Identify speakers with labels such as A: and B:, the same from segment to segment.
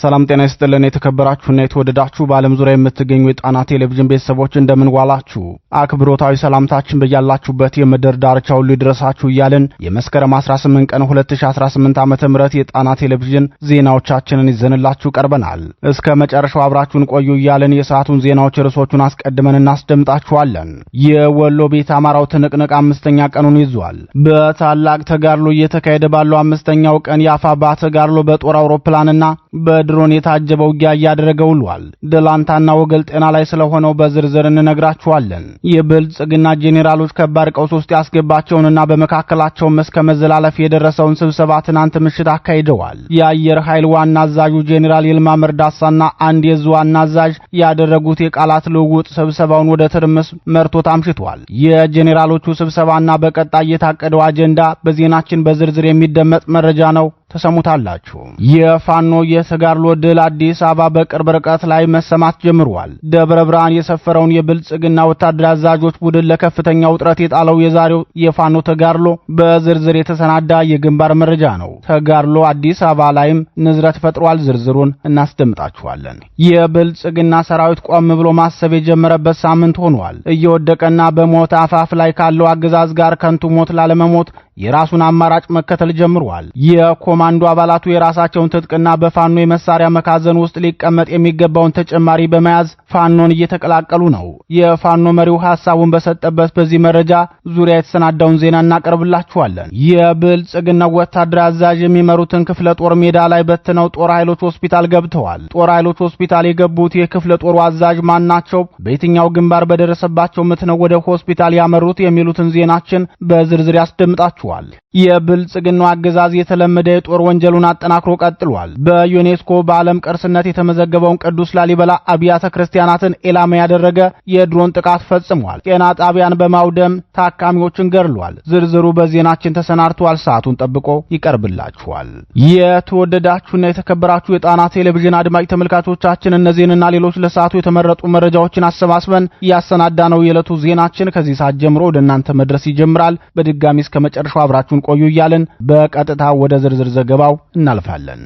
A: ሰላም ጤና ይስጥልን። የተከበራችሁና የተወደዳችሁ በዓለም ዙሪያ የምትገኙ የጣና ቴሌቪዥን ቤተሰቦች እንደምን ዋላችሁ? አክብሮታዊ ሰላምታችን በያላችሁበት የምድር ዳርቻ ሁሉ ይድረሳችሁ እያልን የመስከረም 18 ቀን 2018 ዓ.ም የጣና ቴሌቪዥን ዜናዎቻችንን ይዘንላችሁ ቀርበናል። እስከ መጨረሻው አብራችሁን ቆዩ እያልን የሰዓቱን ዜናዎች ርዕሶቹን አስቀድመን እናስደምጣችኋለን። የወሎ ቤት አማራው ትንቅንቅ አምስተኛ ቀኑን ይዟል። በታላቅ ተጋድሎ እየተካሄደ ባለው አምስተኛው ቀን የአፋባ ተጋድሎ በጦር አውሮፕላንና በ በድሮን የታጀበ ውጊያ እያደረገ ውሏል። ደላንታና ወገል ጤና ላይ ስለሆነው በዝርዝር እንነግራችኋለን። የብልጽግና ጄኔራሎች ከባድ ቀውስ ውስጥ ያስገባቸውንና በመካከላቸውም እስከ መዘላለፍ የደረሰውን ስብሰባ ትናንት ምሽት አካሂደዋል። የአየር ኃይል ዋና አዛዡ ጄኔራል ይልማ መርዳሳና አንድ የዙ ዋና አዛዥ ያደረጉት የቃላት ልውውጥ ስብሰባውን ወደ ትርምስ መርቶት አምሽቷል። የጄኔራሎቹ ስብሰባና በቀጣይ የታቀደው አጀንዳ በዜናችን በዝርዝር የሚደመጥ መረጃ ነው። ተሰሙታላችሁ። የፋኖ የተጋድሎ ድል አዲስ አበባ በቅርብ ርቀት ላይ መሰማት ጀምሯል። ደብረ ብርሃን የሰፈረውን የብልጽግና ወታደር አዛዦች ቡድን ለከፍተኛ ውጥረት የጣለው የዛሬው የፋኖ ተጋድሎ በዝርዝር የተሰናዳ የግንባር መረጃ ነው። ተጋድሎ አዲስ አበባ ላይም ንዝረት ፈጥሯል። ዝርዝሩን እናስደምጣችኋለን። የብልጽግና ሰራዊት ቆም ብሎ ማሰብ የጀመረበት ሳምንት ሆኗል። እየወደቀና በሞት አፋፍ ላይ ካለው አገዛዝ ጋር ከንቱ ሞት ላለመሞት የራሱን አማራጭ መከተል ጀምሯል። የኮማንዶ አባላቱ የራሳቸውን ትጥቅና በፋኖ የመሳሪያ መካዘን ውስጥ ሊቀመጥ የሚገባውን ተጨማሪ በመያዝ ፋኖን እየተቀላቀሉ ነው። የፋኖ መሪው ሐሳቡን በሰጠበት በዚህ መረጃ ዙሪያ የተሰናዳውን ዜና እናቀርብላችኋለን። የብልጽግና ወታደራዊ አዛዥ የሚመሩትን ክፍለ ጦር ሜዳ ላይ በትነው ጦር ኃይሎች ሆስፒታል ገብተዋል። ጦር ኃይሎች ሆስፒታል የገቡት የክፍለ ጦሩ አዛዥ ማናቸው፣ በየትኛው ግንባር በደረሰባቸው ምት ነው ወደ ሆስፒታል ያመሩት የሚሉትን ዜናችን በዝርዝር ያስደምጣችኋል። ተችቷል። የብልጽግናው አገዛዝ የተለመደ የጦር ወንጀሉን አጠናክሮ ቀጥሏል። በዩኔስኮ በዓለም ቅርስነት የተመዘገበውን ቅዱስ ላሊበላ አብያተ ክርስቲያናትን ኢላማ ያደረገ የድሮን ጥቃት ፈጽሟል። ጤና ጣቢያን በማውደም ታካሚዎችን ገድሏል። ዝርዝሩ በዜናችን ተሰናድቷል። ሰዓቱን ጠብቆ ይቀርብላችኋል። የተወደዳችሁና የተከበራችሁ የጣና ቴሌቪዥን አድማጭ ተመልካቾቻችን እነዚህንና ሌሎች ለሰዓቱ የተመረጡ መረጃዎችን አሰባስበን ያሰናዳ ነው የዕለቱ ዜናችን ከዚህ ሰዓት ጀምሮ ወደ እናንተ መድረስ ይጀምራል። በድጋሚ እስከ መጨረሻ አብራችሁን ቆዩ እያልን በቀጥታ ወደ ዝርዝር ዘገባው እናልፋለን።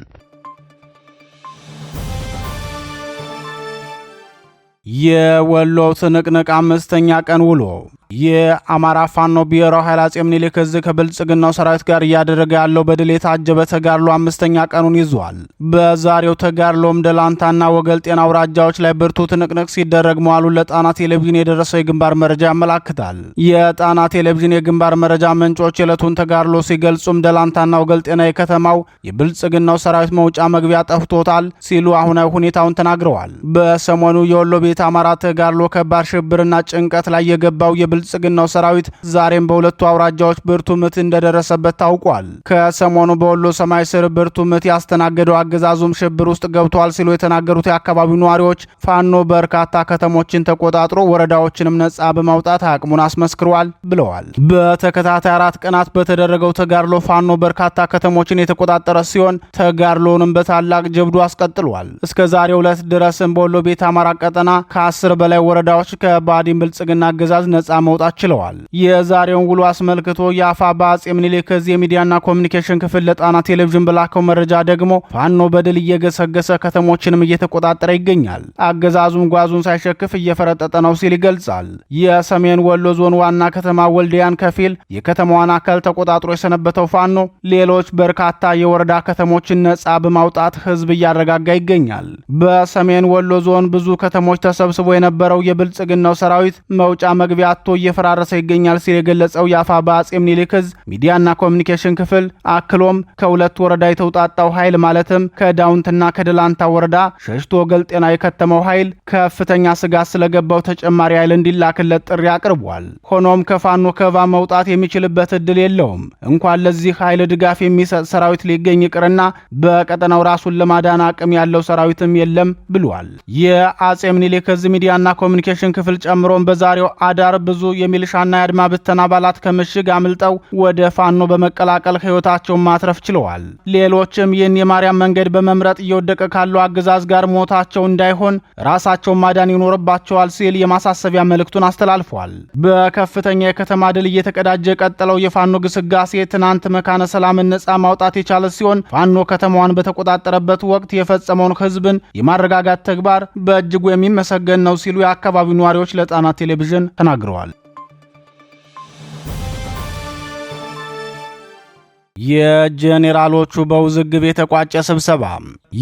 A: የወሎ ትንቅንቅ አምስተኛ ቀን ውሎ የአማራ ፋኖ ብሔራዊ ኃይል አጼ ምኒልክ እዝ ከብልጽግናው ሰራዊት ጋር እያደረገ ያለው በድል የታጀበ ተጋድሎ አምስተኛ ቀኑን ይዟል። በዛሬው ተጋድሎም ደላንታና ወገል ጤና አውራጃዎች ላይ ብርቱ ትንቅንቅ ሲደረግ መዋሉን ለጣና ቴሌቪዥን የደረሰው የግንባር መረጃ ያመላክታል። የጣና ቴሌቪዥን የግንባር መረጃ ምንጮች የዕለቱን ተጋድሎ ሲገልጹም ደላንታና ወገል ጤና የከተማው የብልጽግናው ሰራዊት መውጫ መግቢያ ጠፍቶታል ሲሉ አሁናዊ ሁኔታውን ተናግረዋል። በሰሞኑ የወሎ ቤት አማራ ተጋድሎ ከባድ ሽብርና ጭንቀት ላይ የገባው የብል የብልጽግናው ሰራዊት ዛሬም በሁለቱ አውራጃዎች ብርቱ ምት እንደደረሰበት ታውቋል። ከሰሞኑ በወሎ ሰማይ ስር ብርቱ ምት ያስተናገደው አገዛዙም ሽብር ውስጥ ገብቷል ሲሉ የተናገሩት የአካባቢው ነዋሪዎች ፋኖ በርካታ ከተሞችን ተቆጣጥሮ ወረዳዎችንም ነጻ በማውጣት አቅሙን አስመስክሯል ብለዋል። በተከታታይ አራት ቀናት በተደረገው ተጋድሎ ፋኖ በርካታ ከተሞችን የተቆጣጠረ ሲሆን ተጋድሎንም በታላቅ ጀብዱ አስቀጥሏል። እስከ ዛሬ ዕለት ድረስም በወሎ ቤት አማራ ቀጠና ከአስር በላይ ወረዳዎች ከባዲን ብልጽግና አገዛዝ ነጻ መውጣት ችለዋል። የዛሬውን ውሎ አስመልክቶ የአፋ በአጼ ምኒልክ እዝ የሚዲያና ኮሚኒኬሽን ክፍል ለጣና ቴሌቪዥን በላከው መረጃ ደግሞ ፋኖ በድል እየገሰገሰ ከተሞችንም እየተቆጣጠረ ይገኛል፣ አገዛዙም ጓዙን ሳይሸክፍ እየፈረጠጠ ነው ሲል ይገልጻል። የሰሜን ወሎ ዞን ዋና ከተማ ወልዲያን ከፊል የከተማዋን አካል ተቆጣጥሮ የሰነበተው ፋኖ ሌሎች በርካታ የወረዳ ከተሞችን ነጻ በማውጣት ህዝብ እያረጋጋ ይገኛል። በሰሜን ወሎ ዞን ብዙ ከተሞች ተሰብስቦ የነበረው የብልጽግናው ሰራዊት መውጫ መግቢያ አቶ እየፈራረሰ ይገኛል ሲል የገለጸው የአፋ በአጼ ምኒልክ ሚዲያና ኮሚኒኬሽን ክፍል አክሎም ከሁለት ወረዳ የተውጣጣው ኃይል ማለትም ከዳውንትና ከደላንታ ወረዳ ሸሽቶ ገልጤና የከተመው ኃይል ከፍተኛ ስጋት ስለገባው ተጨማሪ ኃይል እንዲላክለት ጥሪ አቅርቧል። ሆኖም ከፋኖ ከቫ መውጣት የሚችልበት እድል የለውም። እንኳን ለዚህ ኃይል ድጋፍ የሚሰጥ ሰራዊት ሊገኝ ይቅርና በቀጠናው ራሱን ለማዳን አቅም ያለው ሰራዊትም የለም ብሏል። የአጼ ምኒልክ ሚዲያና ኮሚኒኬሽን ክፍል ጨምሮም በዛሬው አዳር ብዙ ብዙ የሚልሻና የአድማ ብተና አባላት ከምሽግ አምልጠው ወደ ፋኖ በመቀላቀል ህይወታቸውን ማትረፍ ችለዋል። ሌሎችም ይህን የማርያም መንገድ በመምረጥ እየወደቀ ካለው አገዛዝ ጋር ሞታቸው እንዳይሆን ራሳቸውን ማዳን ይኖርባቸዋል ሲል የማሳሰቢያ መልእክቱን አስተላልፏል። በከፍተኛ የከተማ ድል እየተቀዳጀ የቀጠለው የፋኖ ግስጋሴ ትናንት መካነ ሰላምን ነጻ ማውጣት የቻለ ሲሆን ፋኖ ከተማዋን በተቆጣጠረበት ወቅት የፈጸመውን ህዝብን የማረጋጋት ተግባር በእጅጉ የሚመሰገን ነው ሲሉ የአካባቢው ነዋሪዎች ለጣና ቴሌቪዥን ተናግረዋል። የጄኔራሎቹ በውዝግብ የተቋጨ ስብሰባ።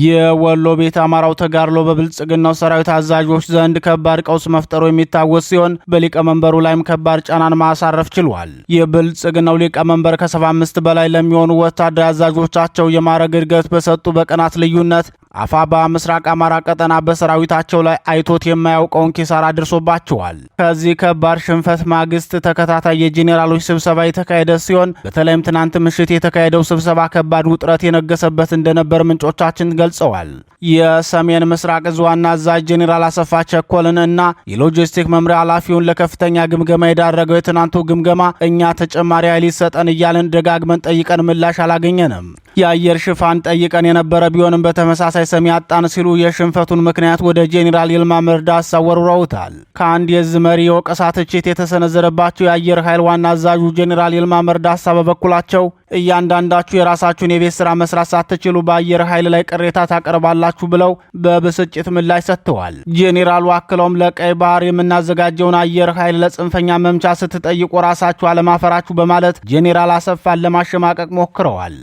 A: የወሎ ቤት አማራው ተጋድሎ በብልጽግናው ሰራዊት አዛዦች ዘንድ ከባድ ቀውስ መፍጠሩ የሚታወስ ሲሆን በሊቀመንበሩ ላይም ከባድ ጫናን ማሳረፍ ችሏል። የብልጽግናው ሊቀመንበር ከ75 በላይ ለሚሆኑ ወታደር አዛዦቻቸው የማዕረግ እድገት በሰጡ በቀናት ልዩነት አፋባ ምስራቅ አማራ ቀጠና በሰራዊታቸው ላይ አይቶት የማያውቀውን ኪሳራ አድርሶባቸዋል። ከዚህ ከባድ ሽንፈት ማግስት ተከታታይ የጄኔራሎች ስብሰባ የተካሄደ ሲሆን በተለይም ትናንት ምሽት የተካሄደው ስብሰባ ከባድ ውጥረት የነገሰበት እንደነበር ምንጮቻችን ገልጸዋል። የሰሜን ምስራቅ እዝ ዋና አዛዥ ጄኔራል አሰፋ ቸኮልን እና የሎጂስቲክ መምሪያ ኃላፊውን ለከፍተኛ ግምገማ የዳረገው የትናንቱ ግምገማ እኛ ተጨማሪ ኃይል ይሰጠን እያልን ደጋግመን ጠይቀን ምላሽ አላገኘንም። የአየር ሽፋን ጠይቀን የነበረ ቢሆንም በተመሳሳይ ሰሚ አጣን ሲሉ የሽንፈቱን ምክንያት ወደ ጄኔራል ይልማ መርዳሳ ወርውረውታል። ከአንድ የዝ መሪ የወቀሳ ትችት የተሰነዘረባቸው የአየር ኃይል ዋና አዛዡ ጄኔራል ይልማ መርዳሳ በበኩላቸው እያንዳንዳችሁ የራሳችሁን የቤት ስራ መስራት ሳትችሉ በአየር ኃይል ላይ ቅሬታ ታቀርባላችሁ ብለው በብስጭት ምላሽ ሰጥተዋል። ጄኔራሉ አክለውም ለቀይ ባህር የምናዘጋጀውን አየር ኃይል ለጽንፈኛ መምቻ ስትጠይቁ ራሳችሁ አለማፈራችሁ በማለት ጄኔራል አሰፋን ለማሸማቀቅ ሞክረዋል።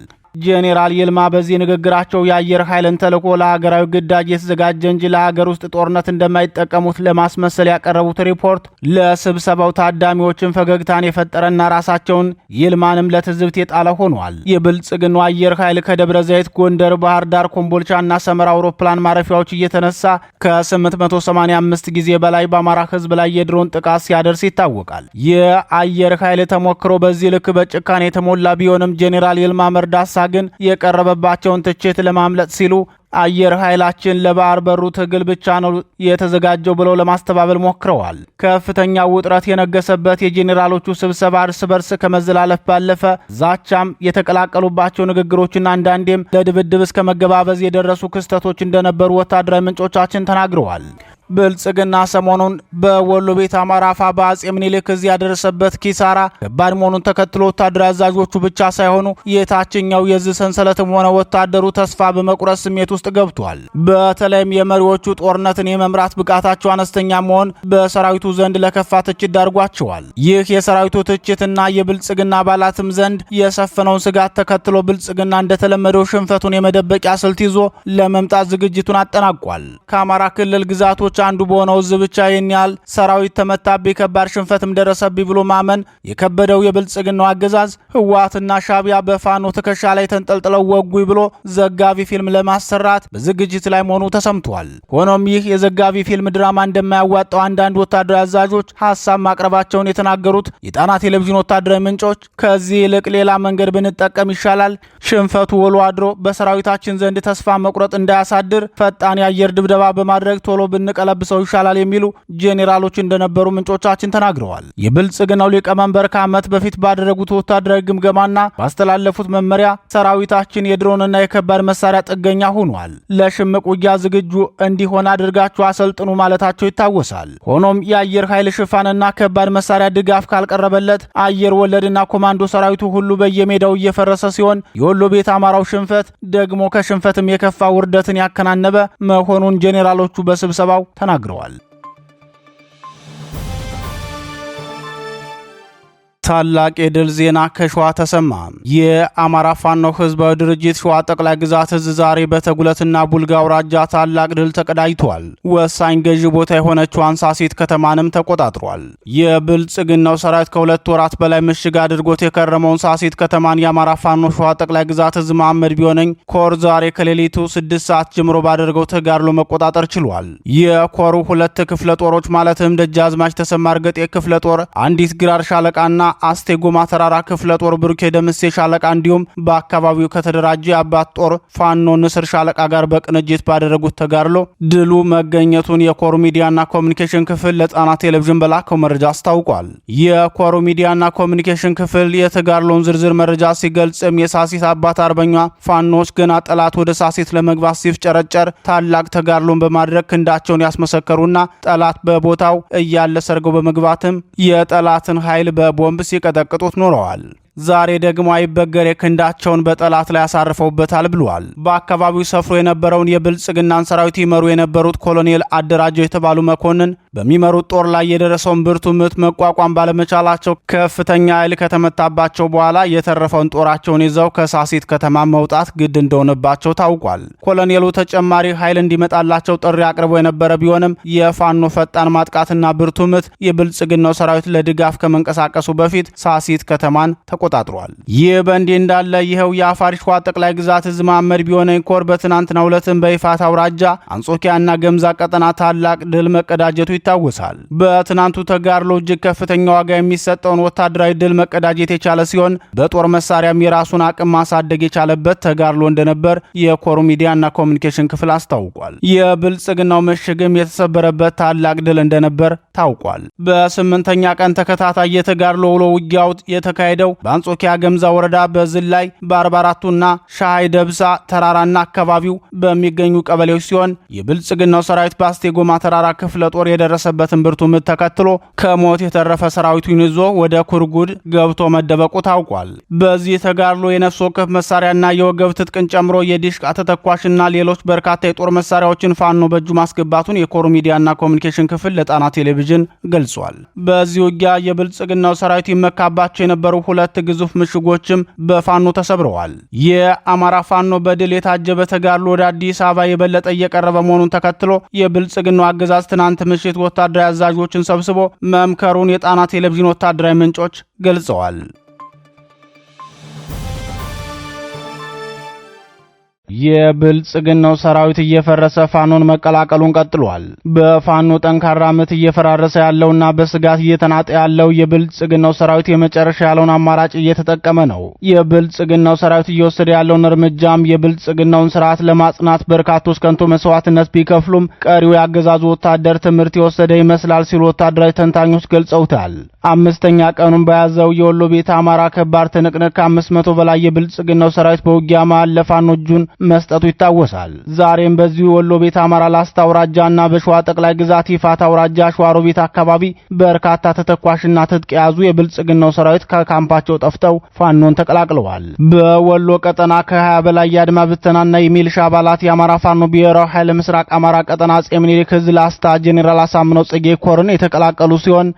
A: ጄኔራል ይልማ በዚህ ንግግራቸው የአየር ኃይልን ተልዕኮ ለሀገራዊ ግዳጅ የተዘጋጀ እንጂ ለሀገር ውስጥ ጦርነት እንደማይጠቀሙት ለማስመሰል ያቀረቡት ሪፖርት ለስብሰባው ታዳሚዎችን ፈገግታን የፈጠረና ራሳቸውን ይልማንም ለትዝብት የጣለ ሆኗል። የብልጽግናው አየር ኃይል ከደብረ ዘይት፣ ጎንደር፣ ባህር ዳር፣ ኮምቦልቻና ሰመራ አውሮፕላን ማረፊያዎች እየተነሳ ከ885 ጊዜ በላይ በአማራ ህዝብ ላይ የድሮን ጥቃት ሲያደርስ ይታወቃል። የአየር ኃይል ተሞክሮ በዚህ ልክ በጭካኔ የተሞላ ቢሆንም ጄኔራል ይልማ መርዳሳ ግን የቀረበባቸውን ትችት ለማምለጥ ሲሉ አየር ኃይላችን ለባህር በሩ ትግል ብቻ ነው የተዘጋጀው ብለው ለማስተባበል ሞክረዋል። ከፍተኛ ውጥረት የነገሰበት የጄኔራሎቹ ስብሰባ እርስ በርስ ከመዘላለፍ ባለፈ ዛቻም የተቀላቀሉባቸው ንግግሮችና አንዳንዴም ለድብድብ እስከ መገባበዝ የደረሱ ክስተቶች እንደነበሩ ወታደራዊ ምንጮቻችን ተናግረዋል። ብልጽግና ሰሞኑን በወሎ ቤት አማራ አፋ በአጼ ምኒልክ እዝ ያደረሰበት ኪሳራ ከባድ መሆኑን ተከትሎ ወታደር አዛዦቹ ብቻ ሳይሆኑ የታችኛው የእዝ ሰንሰለትም ሆነ ወታደሩ ተስፋ በመቁረጥ ስሜት ውስጥ ገብቷል። በተለይም የመሪዎቹ ጦርነትን የመምራት ብቃታቸው አነስተኛ መሆን በሰራዊቱ ዘንድ ለከፋ ትችት ዳርጓቸዋል። ይህ የሰራዊቱ ትችትና የብልጽግና አባላትም ዘንድ የሰፈነውን ስጋት ተከትሎ ብልጽግና እንደተለመደው ሽንፈቱን የመደበቂያ ስልት ይዞ ለመምጣት ዝግጅቱን አጠናቋል። ከአማራ ክልል ግዛቶች ግዛቶች አንዱ በሆነው እዝ ብቻ ይህን ያህል ሰራዊት ተመታቢ ከባድ ሽንፈትም ደረሰብኝ ብሎ ማመን የከበደው የብልጽግናው አገዛዝ ህወሓትና ሻቢያ በፋኖ ትከሻ ላይ ተንጠልጥለው ወጉ ብሎ ዘጋቢ ፊልም ለማሰራት በዝግጅት ላይ መሆኑ ተሰምቷል። ሆኖም ይህ የዘጋቢ ፊልም ድራማ እንደማያዋጣው አንዳንድ ወታደራዊ አዛዦች ሀሳብ ማቅረባቸውን የተናገሩት የጣና ቴሌቪዥን ወታደራዊ ምንጮች ከዚህ ይልቅ ሌላ መንገድ ብንጠቀም ይሻላል፣ ሽንፈቱ ውሎ አድሮ በሰራዊታችን ዘንድ ተስፋ መቁረጥ እንዳያሳድር ፈጣን የአየር ድብደባ በማድረግ ቶሎ ብንቀ ለብሰው ይሻላል የሚሉ ጄኔራሎች እንደነበሩ ምንጮቻችን ተናግረዋል። የብልጽግናው ሊቀመንበር ከዓመት በፊት ባደረጉት ወታደራዊ ግምገማና ባስተላለፉት መመሪያ ሰራዊታችን የድሮንና የከባድ መሳሪያ ጥገኛ ሆኗል፣ ለሽምቅ ውጊያ ዝግጁ እንዲሆን አድርጋችሁ አሰልጥኑ ማለታቸው ይታወሳል። ሆኖም የአየር ኃይል ሽፋንና ከባድ መሳሪያ ድጋፍ ካልቀረበለት አየር ወለድና ኮማንዶ ሰራዊቱ ሁሉ በየሜዳው እየፈረሰ ሲሆን የወሎ ቤት አማራው ሽንፈት ደግሞ ከሽንፈትም የከፋ ውርደትን ያከናነበ መሆኑን ጄኔራሎቹ በስብሰባው ተናግረዋል። ታላቅ የድል ዜና ከሸዋ ተሰማ። የአማራ ፋኖ ህዝባዊ ድርጅት ሸዋ ጠቅላይ ግዛት እዝ ዛሬ በተጉለትና ቡልጋ አውራጃ ታላቅ ድል ተቀዳጅቷል። ወሳኝ ገዢ ቦታ የሆነችው አንሳሲት ከተማንም ተቆጣጥሯል። የብልጽግናው ሰራዊት ከሁለት ወራት በላይ ምሽግ አድርጎት የከረመውን ሳሲት ከተማን የአማራ ፋኖ ሸዋ ጠቅላይ ግዛት እዝ መሐመድ ቢሆነኝ ኮር ዛሬ ከሌሊቱ ስድስት ሰዓት ጀምሮ ባደረገው ተጋድሎ መቆጣጠር ችሏል። የኮሩ ሁለት ክፍለ ጦሮች ማለትም ደጃዝማች ተሰማ እርገጤ ክፍለ ጦር፣ አንዲት ግራር ሻለቃና አስቴጎማ ተራራ ክፍለ ጦር ብርኬ ደምሴ ሻለቃ እንዲሁም በአካባቢው ከተደራጀ የአባት ጦር ፋኖ ንስር ሻለቃ ጋር በቅንጅት ባደረጉት ተጋድሎ ድሉ መገኘቱን የኮር ሚዲያና ኮሚኒኬሽን ክፍል ለጣና ቴሌቪዥን በላከው መረጃ አስታውቋል። የኮር ሚዲያና ኮሚኒኬሽን ክፍል የተጋድሎውን ዝርዝር መረጃ ሲገልጽም የሳሲት አባት አርበኛ ፋኖዎች ገና ጠላት ወደ ሳሲት ለመግባት ሲፍጨረጨር ታላቅ ተጋድሎን በማድረግ ክንዳቸውን ያስመሰከሩና ጠላት በቦታው እያለ ሰርገው በመግባትም የጠላትን ኃይል በቦምብ ሲቀጠቅጡት ኖረዋል። ዛሬ ደግሞ አይበገሬ ክንዳቸውን በጠላት ላይ አሳርፈውበታል ብሏል። በአካባቢው ሰፍሮ የነበረውን የብልጽግናን ሰራዊት ይመሩ የነበሩት ኮሎኔል አደራጀው የተባሉ መኮንን በሚመሩት ጦር ላይ የደረሰውን ብርቱ ምት መቋቋም ባለመቻላቸው ከፍተኛ ኃይል ከተመታባቸው በኋላ የተረፈውን ጦራቸውን ይዘው ከሳሲት ከተማ መውጣት ግድ እንደሆነባቸው ታውቋል። ኮሎኔሉ ተጨማሪ ኃይል እንዲመጣላቸው ጥሪ አቅርቦ የነበረ ቢሆንም የፋኖ ፈጣን ማጥቃትና ብርቱ ምት የብልጽግናው ሰራዊት ለድጋፍ ከመንቀሳቀሱ በፊት ሳሲት ከተማን ተቆ ተቆጣጥሯል። ይህ በእንዲህ እንዳለ ይኸው የአፋር ሸዋ ጠቅላይ ግዛት እዝ ቢሆነ ቢሆነኝ ኮር በትናንትናው ዕለትም በይፋት አውራጃ አንጾኪያና ገምዛ ቀጠና ታላቅ ድል መቀዳጀቱ ይታወሳል። በትናንቱ ተጋድሎ እጅግ ከፍተኛ ዋጋ የሚሰጠውን ወታደራዊ ድል መቀዳጀት የቻለ ሲሆን በጦር መሳሪያም የራሱን አቅም ማሳደግ የቻለበት ተጋድሎ እንደነበር የኮሩ ሚዲያና ኮሚኒኬሽን ክፍል አስታውቋል። የብልጽግናው ምሽግም የተሰበረበት ታላቅ ድል እንደነበር ታውቋል። በስምንተኛ ቀን ተከታታይ የተጋድሎ ውሎ ውጊያው የተካሄደው አንጾኪያ ገምዛ ወረዳ በዝላይ በ44ቱና ሻሃይ ደብሳ ተራራና አካባቢው በሚገኙ ቀበሌዎች ሲሆን የብልጽግናው ሰራዊት በአስቴ ጎማ ተራራ ክፍለ ጦር የደረሰበትን ብርቱ ምት ተከትሎ ከሞት የተረፈ ሰራዊቱን ይዞ ወደ ኩርጉድ ገብቶ መደበቁ ታውቋል። በዚህ ተጋድሎ የነፍስ ወከፍ መሳሪያና የወገብ ትጥቅን ጨምሮ የዲሽቃ ተተኳሽና ሌሎች በርካታ የጦር መሳሪያዎችን ፋኖ በእጁ ማስገባቱን የኮር ሚዲያና ኮሚኒኬሽን ክፍል ለጣና ቴሌቪዥን ገልጿል። በዚህ ውጊያ የብልጽግናው ሰራዊት ይመካባቸው የነበሩ ሁለት ግዙፍ ምሽጎችም በፋኖ ተሰብረዋል። የአማራ ፋኖ በድል የታጀበ ተጋድሎ ወደ አዲስ አበባ የበለጠ እየቀረበ መሆኑን ተከትሎ የብልጽግናው አገዛዝ ትናንት ምሽት ወታደራዊ አዛዦችን ሰብስቦ መምከሩን የጣና ቴሌቪዥን ወታደራዊ ምንጮች ገልጸዋል። የብልጽግናው ሰራዊት እየፈረሰ ፋኖን መቀላቀሉን ቀጥሏል። በፋኖ ጠንካራ ምት እየፈራረሰ ያለውና በስጋት እየተናጠ ያለው የብልጽግናው ሰራዊት የመጨረሻ ያለውን አማራጭ እየተጠቀመ ነው። የብልጽግናው ሰራዊት እየወሰደ ያለውን እርምጃም የብልጽግናውን ስርዓት ለማጽናት በርካቶች ከንቱ መስዋዕትነት ቢከፍሉም ቀሪው የአገዛዙ ወታደር ትምህርት የወሰደ ይመስላል ሲሉ ወታደራዊ ተንታኞች ገልጸውታል። አምስተኛ ቀኑን በያዘው የወሎ ቤተ አማራ ከባድ ትንቅንቅ ከአምስት መቶ በላይ የብልጽግናው ሰራዊት በውጊያ መሃል ለፋኖ እጁን መስጠቱ ይታወሳል። ዛሬም በዚሁ ወሎ ቤት አማራ ላስታ አውራጃና በሸዋ ጠቅላይ ግዛት ይፋት አውራጃ ቤት አካባቢ በርካታ ተተኳሽና ትጥቅ የያዙ የብልጽግናው ሰራዊት ከካምፓቸው ጠፍተው ፋኖን ተቀላቅለዋል። በወሎ ቀጠና ከ20 በላይ የአድማ ብተናና የሚልሻ አባላት የአማራ ፋኖ ብሔራዊ ኃይል ምስራቅ አማራ ቀጠና አጼ ምኒልክ ዕዝ ላስታ ጄኔራል አሳምነው ጽጌ ኮርን የተቀላቀሉ ሲሆን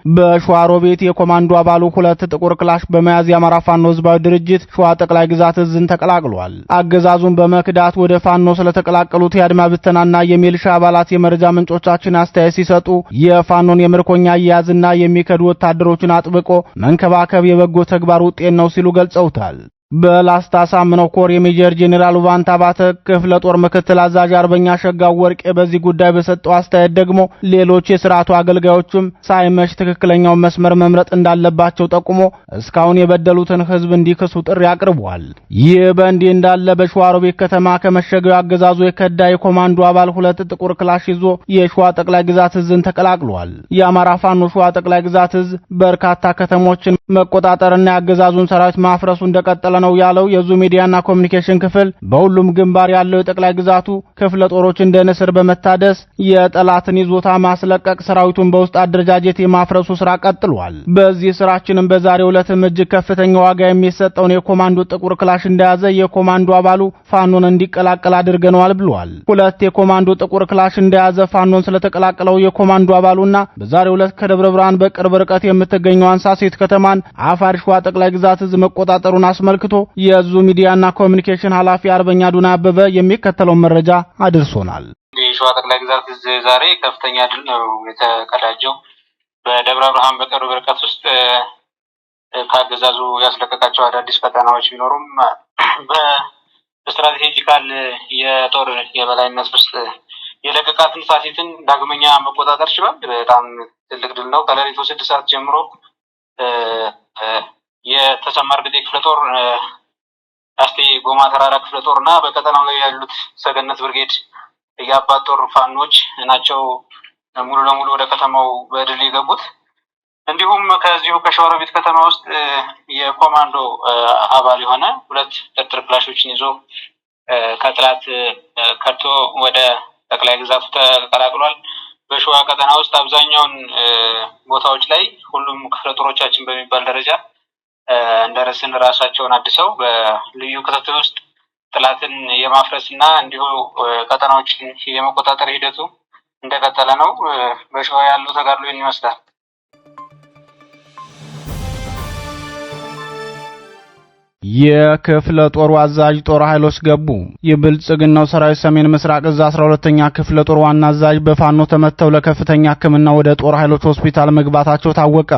A: ቤት የኮማንዶ አባሉ ሁለት ጥቁር ክላሽ በመያዝ የአማራ ፋኖ ህዝባዊ ድርጅት ሸዋ ጠቅላይ ግዛት ዕዝን ተቀላቅሏል። አገዛዙን በመ በክዳት ወደ ፋኖ ስለተቀላቀሉት የአድማ ብተናና የሚልሻ አባላት የመረጃ ምንጮቻችን አስተያየት ሲሰጡ የፋኖን የምርኮኛ አያያዝና የሚከዱ ወታደሮችን አጥብቆ መንከባከብ የበጎ ተግባር ውጤት ነው ሲሉ ገልጸውታል። በላስታ ሳምነው ኮር የሜጀር ጄኔራል ውባንታ ባተ ክፍለ ጦር ምክትል አዛዥ አርበኛ ሸጋው ወርቄ በዚህ ጉዳይ በሰጠው አስተያየት ደግሞ ሌሎች የስርዓቱ አገልጋዮችም ሳይመሽ ትክክለኛውን መስመር መምረጥ እንዳለባቸው ጠቁሞ እስካሁን የበደሉትን ህዝብ እንዲክሱ ጥሪ አቅርቧል። ይህ በእንዲህ እንዳለ በሸዋሮቤት ከተማ ከመሸገው አገዛዙ የከዳ የኮማንዶ አባል ሁለት ጥቁር ክላሽ ይዞ የሸዋ ጠቅላይ ግዛት እዝን ተቀላቅሏል። የአማራ ፋኖ ሸዋ ጠቅላይ ግዛት እዝ በርካታ ከተሞችን መቆጣጠርና የአገዛዙን ሰራዊት ማፍረሱ እንደቀጠለ ነው ያለው የዙ ሚዲያና ኮሚኒኬሽን ክፍል በሁሉም ግንባር ያለው የጠቅላይ ግዛቱ ክፍለ ጦሮች እንደ ንስር በመታደስ የጠላትን ይዞታ ማስለቀቅ፣ ሰራዊቱን በውስጥ አደረጃጀት የማፍረሱ ስራ ቀጥሏል። በዚህ ስራችንም በዛሬው ዕለትም እጅግ ከፍተኛ ዋጋ የሚሰጠውን የኮማንዶ ጥቁር ክላሽ እንደያዘ የኮማንዶ አባሉ ፋኖን እንዲቀላቀል አድርገነዋል ብሏል። ሁለት የኮማንዶ ጥቁር ክላሽ እንደያዘ ፋኖን ስለተቀላቀለው የኮማንዶ አባሉና በዛሬው ዕለት ከደብረ ብርሃን በቅርብ ርቀት የምትገኘው ሴት ከተማን አፋር ሸዋ ጠቅላይ ግዛት እዝ መቆጣጠሩን አስመልክቶ አስመልክቶ የዙ ሚዲያና ኮሚኒኬሽን ኃላፊ አርበኛ ዱና አበበ የሚከተለውን መረጃ አድርሶናል። የሸዋ ጠቅላይ ግዛት ዛሬ ከፍተኛ ድል ነው የተቀዳጀው። በደብረ ብርሃን በቅርብ ርቀት ውስጥ ከአገዛዙ ያስለቀቃቸው አዳዲስ ፈተናዎች ቢኖሩም በስትራቴጂካል የጦር የበላይነት ውስጥ የለቀቃትን ሳሴትን ዳግመኛ መቆጣጠር ችሏል። በጣም ትልቅ ድል ነው። ከሌሊቱ ስድስት ሰዓት ጀምሮ የተሰማር ጊዜ ክፍለ ጦር አስቴ ጎማ ተራራ ክፍለ ጦር እና በቀጠናው ላይ ያሉት ሰገነት ብርጌድ የአባት ጦር ፋኖች ናቸው ሙሉ ለሙሉ ወደ ከተማው በድል የገቡት። እንዲሁም ከዚሁ ከሸዋሮቢት ከተማ ውስጥ የኮማንዶ አባል የሆነ ሁለት ጥርጥር ክላሾችን ይዞ ከጥላት ከቶ ወደ ጠቅላይ ግዛቱ ተቀላቅሏል። በሸዋ ቀጠና ውስጥ አብዛኛውን ቦታዎች ላይ ሁሉም ክፍለ ጦሮቻችን በሚባል ደረጃ እንደርስን ራሳቸውን አድሰው በልዩ ክትትል ውስጥ ጥላትን የማፍረስ እና እንዲሁ ቀጠናዎችን የመቆጣጠር ሂደቱ እንደቀጠለ ነው። በሸዋ ያለው ተጋድሎ ይመስላል። የክፍለ ጦሩ አዛዥ ጦር ኃይሎች ገቡ። የብልጽግናው ሰራዊት ሰሜን ምስራቅ እዝ 12ኛ ክፍለ ጦር ዋና አዛዥ በፋኖ ተመተው ለከፍተኛ ሕክምና ወደ ጦር ኃይሎች ሆስፒታል መግባታቸው ታወቀ።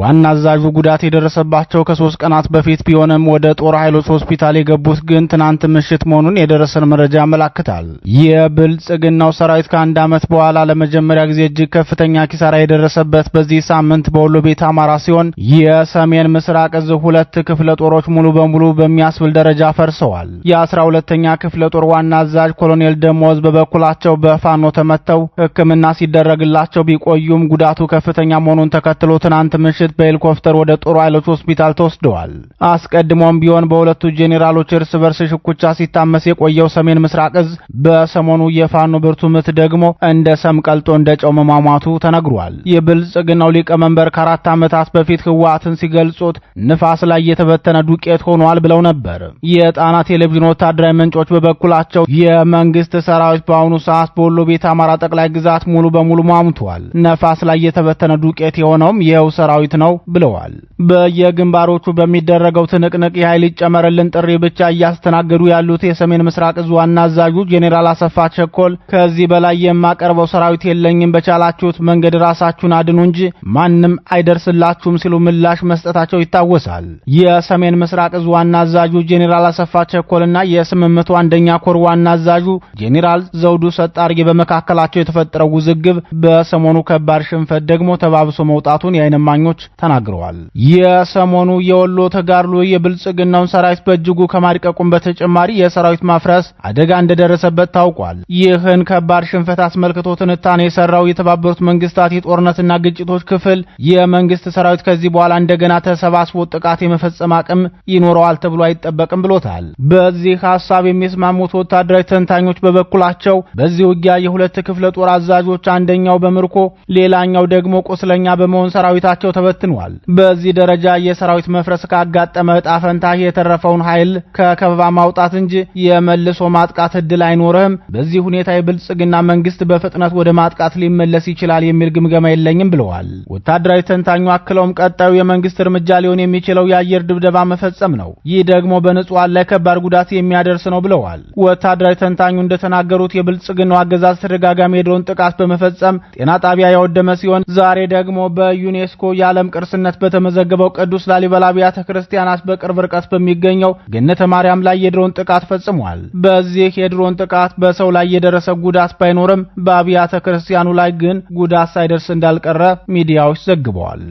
A: ዋና አዛዡ ጉዳት የደረሰባቸው ከሶስት ቀናት በፊት ቢሆንም ወደ ጦር ኃይሎች ሆስፒታል የገቡት ግን ትናንት ምሽት መሆኑን የደረሰን መረጃ ያመላክታል። የብልጽግናው ሰራዊት ከአንድ ዓመት በኋላ ለመጀመሪያ ጊዜ እጅግ ከፍተኛ ኪሳራ የደረሰበት በዚህ ሳምንት በወሎ ቤት አማራ ሲሆን የሰሜን ምስራቅ እዝ ሁለት ክፍለ ጦሮች ሙሉ በሙሉ በሚያስብል ደረጃ ፈርሰዋል። የአስራ ሁለተኛ ክፍለ ጦር ዋና አዛዥ ኮሎኔል ደሞዝ በበኩላቸው በፋኖ ተመተው ሕክምና ሲደረግላቸው ቢቆዩም ጉዳቱ ከፍተኛ መሆኑን ተከትሎ ትናንት ምሽት በሄሊኮፕተር ወደ ጦር ኃይሎች ሆስፒታል ተወስደዋል። አስቀድሞም ቢሆን በሁለቱ ጄኔራሎች እርስ በርስ ሽኩቻ ሲታመስ የቆየው ሰሜን ምስራቅ እዝ በሰሞኑ የፋኖ ብርቱ ምት ደግሞ እንደ ሰም ቀልጦ እንደ ጨው መሟሟቱ ተነግሯል። የብልጽግናው ሊቀመንበር ከአራት ዓመታት በፊት ህወሓትን ሲገልጹት ንፋስ ላይ የተበተነ ዱቄት ሆኗል ብለው ነበር። የጣና ቴሌቪዥን ወታደራዊ ምንጮች በበኩላቸው የመንግስት ሰራዊት በአሁኑ ሰዓት በወሎ ቤት አማራ ጠቅላይ ግዛት ሙሉ በሙሉ ማምቷል፣ ነፋስ ላይ የተበተነ ዱቄት የሆነውም ይኸው ሰራዊት ነው ብለዋል። በየግንባሮቹ በሚደረገው ትንቅንቅ የኃይል ይጨመርልን ጥሪ ብቻ እያስተናገዱ ያሉት የሰሜን ምስራቅ እዝ ዋና አዛዡ ጄኔራል አሰፋ ቸኮል ከዚህ በላይ የማቀርበው ሰራዊት የለኝም፣ በቻላችሁት መንገድ ራሳችሁን አድኑ እንጂ ማንም አይደርስላችሁም ሲሉ ምላሽ መስጠታቸው ይታወሳል። የሰሜን ምስራቅ እዝ ዋና አዛዡ ጄኔራል አሰፋ ቸኮልና የስምንት መቶ አንደኛ ኮር ዋና አዛዡ ጄኔራል ዘውዱ ሰጣርጌ በመካከላቸው የተፈጠረው ውዝግብ በሰሞኑ ከባድ ሽንፈት ደግሞ ተባብሶ መውጣቱን የዓይን እማኞች ተናግረዋል። የሰሞኑ የወሎ ተጋድሎ የብልጽግናውን ሰራዊት በእጅጉ ከማድቀቁን በተጨማሪ የሰራዊት ማፍረስ አደጋ እንደደረሰበት ታውቋል። ይህን ከባድ ሽንፈት አስመልክቶ ትንታኔ የሰራው የተባበሩት መንግስታት የጦርነትና ግጭቶች ክፍል የመንግስት ሰራዊት ከዚህ በኋላ እንደገና ተሰባስቦ ጥቃት የመፈጸም አቅም ይኖር ይኖረዋል ተብሎ አይጠበቅም ብሎታል። በዚህ ሐሳብ የሚስማሙት ወታደራዊ ተንታኞች በበኩላቸው በዚህ ውጊያ የሁለት ክፍለ ጦር አዛዦች አንደኛው በምርኮ ሌላኛው ደግሞ ቁስለኛ በመሆን ሰራዊታቸው ተበትኗል። በዚህ ደረጃ የሰራዊት መፍረስ ካጋጠመ ጣፈንታ ፈንታ የተረፈውን ኃይል ከከበባ ማውጣት እንጂ የመልሶ ማጥቃት እድል አይኖርህም። በዚህ ሁኔታ የብልጽግና መንግስት በፍጥነት ወደ ማጥቃት ሊመለስ ይችላል የሚል ግምገማ የለኝም ብለዋል። ወታደራዊ ተንታኙ አክለውም ቀጣዩ የመንግስት እርምጃ ሊሆን የሚችለው የአየር ድብደባ መፈጸም ነው። ነው። ይህ ደግሞ በንጹሃን ላይ ከባድ ጉዳት የሚያደርስ ነው ብለዋል። ወታደራዊ ተንታኙ እንደተናገሩት የብልጽግናው አገዛዝ ተደጋጋሚ የድሮን ጥቃት በመፈጸም ጤና ጣቢያ ያወደመ ሲሆን ዛሬ ደግሞ በዩኔስኮ የዓለም ቅርስነት በተመዘገበው ቅዱስ ላሊበላ አብያተ ክርስቲያናት በቅርብ ርቀት በሚገኘው ገነተ ማርያም ላይ የድሮን ጥቃት ፈጽሟል። በዚህ የድሮን ጥቃት በሰው ላይ የደረሰ ጉዳት ባይኖርም በአብያተ ክርስቲያኑ ላይ ግን ጉዳት ሳይደርስ እንዳልቀረ ሚዲያዎች ዘግበዋል።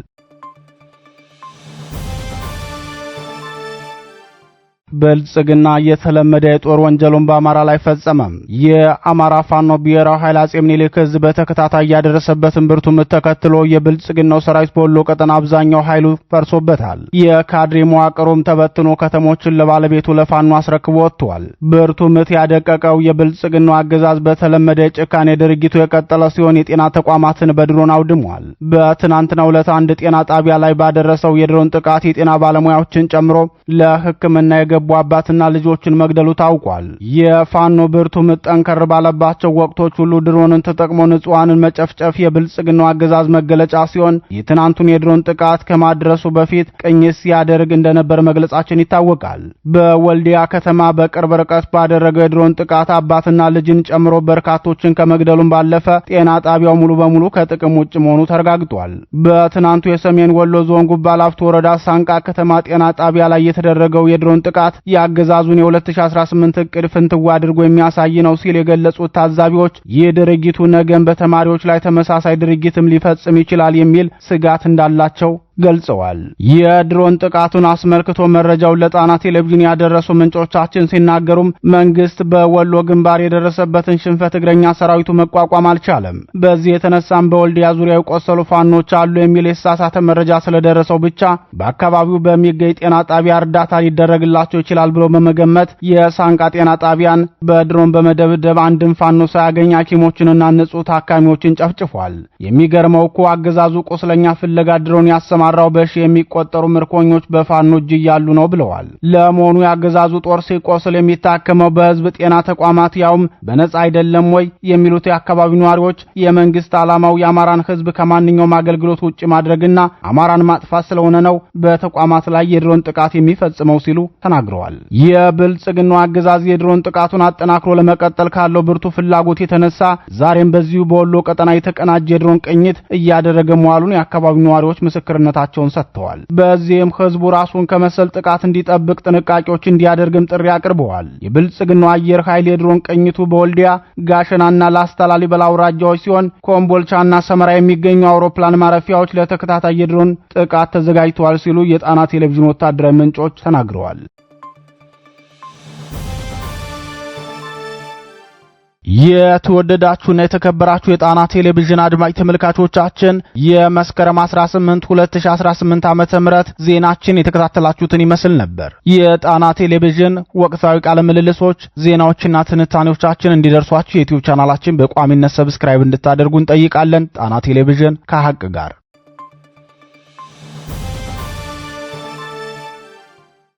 A: ብልጽግና የተለመደ የጦር ወንጀሉን በአማራ ላይ ፈጸመ። የአማራ ፋኖ ብሔራዊ ኃይል አጼ ምኒልክ ህዝብ በተከታታይ እያደረሰበትን ብርቱ ምት ተከትሎ የብልጽግናው ሰራዊት በወሎ ቀጠና አብዛኛው ኃይሉ ፈርሶበታል። የካድሬ መዋቅሩም ተበትኖ ከተሞችን ለባለቤቱ ለፋኖ አስረክቦ ወጥቷል። ብርቱ ምት ያደቀቀው የብልጽግናው አገዛዝ በተለመደ ጭካኔ ድርጊቱ የቀጠለ ሲሆን የጤና ተቋማትን በድሮን አውድሟል። በትናንትናው ዕለት አንድ ጤና ጣቢያ ላይ ባደረሰው የድሮን ጥቃት የጤና ባለሙያዎችን ጨምሮ ለህክምና የገቡ የገቡ አባትና ልጆችን መግደሉ ታውቋል። የፋኖ ብርቱ ምጠንከር ባለባቸው ወቅቶች ሁሉ ድሮንን ተጠቅሞ ንጹሐንን መጨፍጨፍ የብልጽግናው አገዛዝ መገለጫ ሲሆን የትናንቱን የድሮን ጥቃት ከማድረሱ በፊት ቅኝት ሲያደርግ እንደነበር መግለጻችን ይታወቃል። በወልዲያ ከተማ በቅርብ ርቀት ባደረገው የድሮን ጥቃት አባትና ልጅን ጨምሮ በርካቶችን ከመግደሉም ባለፈ ጤና ጣቢያው ሙሉ በሙሉ ከጥቅም ውጭ መሆኑ ተረጋግጧል። በትናንቱ የሰሜን ወሎ ዞን ጉባላፍቶ ወረዳ ሳንቃ ከተማ ጤና ጣቢያ ላይ የተደረገው የድሮን ጥቃት ጥቃት የአገዛዙን የ2018 እቅድ ፍንትዋ አድርጎ የሚያሳይ ነው ሲል የገለጹት ታዛቢዎች ይህ ድርጊቱ ነገም በተማሪዎች ላይ ተመሳሳይ ድርጊትም ሊፈጽም ይችላል የሚል ስጋት እንዳላቸው ገልጸዋል። የድሮን ጥቃቱን አስመልክቶ መረጃውን ለጣና ቴሌቪዥን ያደረሱ ምንጮቻችን ሲናገሩም መንግስት በወሎ ግንባር የደረሰበትን ሽንፈት እግረኛ ሰራዊቱ መቋቋም አልቻለም። በዚህ የተነሳም በወልዲያ ዙሪያ የቆሰሉ ፋኖች አሉ የሚል የተሳሳተ መረጃ ስለደረሰው ብቻ በአካባቢው በሚገኝ ጤና ጣቢያ እርዳታ ሊደረግላቸው ይችላል ብሎ በመገመት የሳንቃ ጤና ጣቢያን በድሮን በመደብደብ አንድም ፋኖ ሳያገኝ ሐኪሞችንና ንጹህ ታካሚዎችን ጨፍጭፏል። የሚገርመው እኮ አገዛዙ ቁስለኛ ፍለጋ ድሮን ያሰማ የተሰማራው በሺ የሚቆጠሩ ምርኮኞች በፋኖ እጅ እያሉ ነው ብለዋል። ለመሆኑ ያገዛዙ ጦር ሲቆስል የሚታከመው በህዝብ ጤና ተቋማት ያውም በነጻ አይደለም ወይ የሚሉት የአካባቢው ነዋሪዎች የመንግስት ዓላማው የአማራን ህዝብ ከማንኛውም አገልግሎት ውጭ ማድረግና አማራን ማጥፋት ስለሆነ ነው በተቋማት ላይ የድሮን ጥቃት የሚፈጽመው ሲሉ ተናግረዋል። የብልጽግናው አገዛዝ የድሮን ጥቃቱን አጠናክሮ ለመቀጠል ካለው ብርቱ ፍላጎት የተነሳ ዛሬም በዚሁ በወሎ ቀጠና የተቀናጀ የድሮን ቅኝት እያደረገ መዋሉን የአካባቢው ነዋሪዎች ምስክርነት አስተያየታቸውን ሰጥተዋል። በዚህም ህዝቡ ራሱን ከመሰል ጥቃት እንዲጠብቅ ጥንቃቄዎች እንዲያደርግም ጥሪ አቅርበዋል። የብልጽግናው አየር ኃይል የድሮን ቅኝቱ በወልዲያ ጋሸናና ላስታ ላሊበላ አውራጃዎች ሲሆን ኮምቦልቻና ሰመራ የሚገኙ አውሮፕላን ማረፊያዎች ለተከታታይ የድሮን ጥቃት ተዘጋጅተዋል ሲሉ የጣና ቴሌቪዥን ወታደራዊ ምንጮች ተናግረዋል። የተወደዳችሁና የተከበራችሁ የጣና ቴሌቪዥን አድማጭ ተመልካቾቻችን የመስከረም 18 2018 ዓመተ ምህረት ዜናችን የተከታተላችሁትን ይመስል ነበር። የጣና ቴሌቪዥን ወቅታዊ ቃለ ምልልሶች፣ ዜናዎችና ትንታኔዎቻችን እንዲደርሷችሁ የዩቲዩብ ቻናላችን በቋሚነት ሰብስክራይብ እንድታደርጉ እንጠይቃለን። ጣና ቴሌቪዥን ከሀቅ ጋር